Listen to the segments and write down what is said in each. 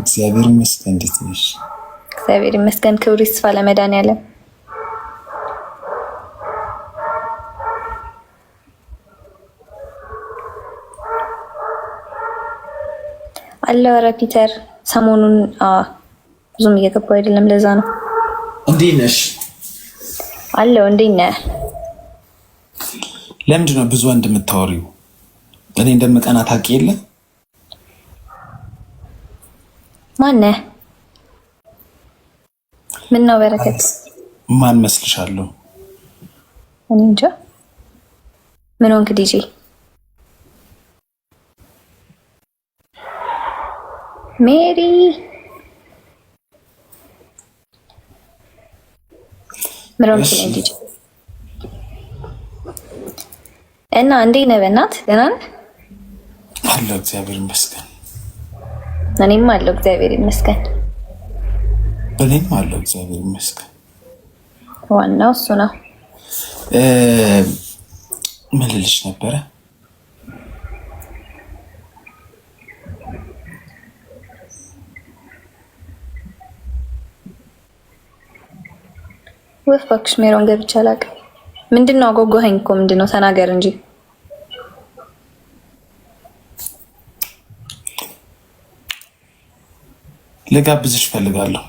እግዚአብሔር ይመስገን። እንዴት ነሽ? እግዚአብሔር ይመስገን። ክብሩ ይስፋ ለመድኃኒዓለም። አለ ኧረ ፒተር ሰሞኑን ብዙም እየገባው አይደለም፣ ለዛ ነው። እንዴት ነሽ? አለው እንዴት ነህ? ለምንድን ነው ብዙ እንደምታወሪው እኔ እንደምቀና ታውቂ የለ ማነህ? ምን ነው በረከት? ማን መስልሻለሁ? እኔ እንጃ። ምን ሆንክ ዲጄ? ሜሪ ምን ሆንክ ዲጄ? እና እንዴ ነበናት በእናትህ? ደህና ነህ? አለሁ እግዚአብሔር ይመስገን። እኔም አለው እግዚአብሔር ይመስገን። እኔም አለው እግዚአብሔር ይመስገን። ዋናው እሱ ነው። ምን ልልሽ ነበረ? ወፍ እባክሽ ሜሮን ገብቼ አላውቅም። ምንድን ነው አጓጓኸኝ እኮ ምንድን ነው? ተናገር እንጂ ልጋብዝሽ እፈልጋለሁ።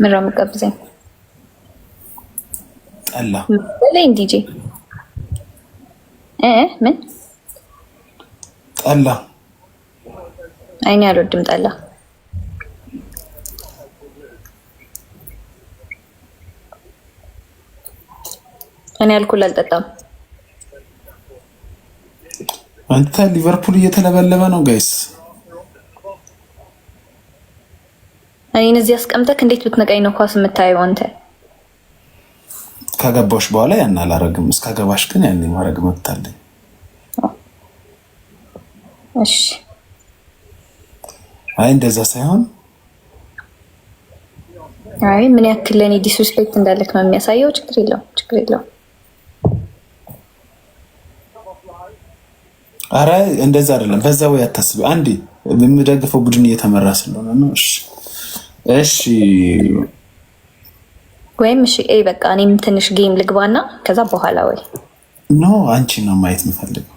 ምን ነው የምትጋብዘኝ? ጠላ በለኝ። ዲጄ እ ምን ጠላ? አይኔ አልወድም ጠላ። እኔ አልኩል አልጠጣም። አንተ ሊቨርፑል እየተለበለበ ነው ጋይስ እኔን እዚህ አስቀምጠክ እንዴት ብትነቀኝ ነው ኳስ የምታየው አንተ? ከገባሽ በኋላ ያን አላረግም። እስከገባሽ ግን ያን ማድረግ መብት እሺ። አይ እንደዛ ሳይሆን አይ ምን ያክል ለእኔ ዲስሪስፔክት እንዳለክ ነው የሚያሳየው። ችግር የለው ችግር የለው። አረ እንደዛ አይደለም። በዛ ወይ አታስብ። አንዴ የምደግፈው ቡድን እየተመራ ስለሆነ ነው። እሺ እሺ ወይም እሺ፣ በቃ እኔም ትንሽ ጌም ልግባና ከዛ በኋላ ወይ ኖ አንቺ ነው ማየት የምፈልገው።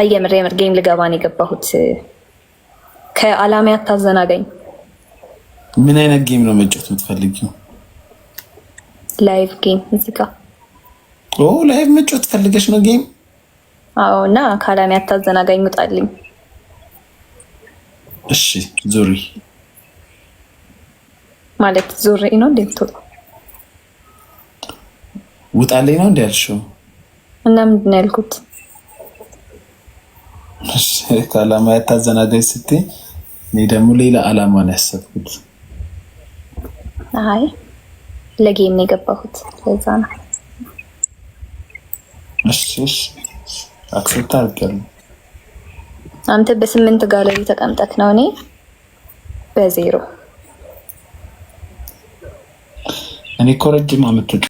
አይ የምር የምር ጌም ልገባን የገባሁት። ከአላማ ያታዘናገኝ ምን አይነት ጌም ነው መጫወት የምትፈልጊው? ላይቭ ጌም እዚህ ጋር ላይቭ መጫወት ፈልገሽ ነው ጌም? አዎ እና ከአላማ ያታዘናገኝ ውጣልኝ እሺ ዙሪ ማለት ዙሪ ነው እንዴ? ውጣልኝ ነው እንዴ ያልሽው? እና ምንድን ነው ያልኩት? እሺ ከዓላማ ያታዘናጋጅ ስትይ እኔ ደግሞ ሌላ አላማ ነው ያሰብኩት። አይ ለጌም ነው የገባሁት፣ ለዛ ነው። እሺ እሺ አክሰብት አድርጊያለሁ አንተ በስምንት ጋለሪ ተቀምጠክ ነው፣ እኔ በዜሮ እኔ እኮ ረጅም አመት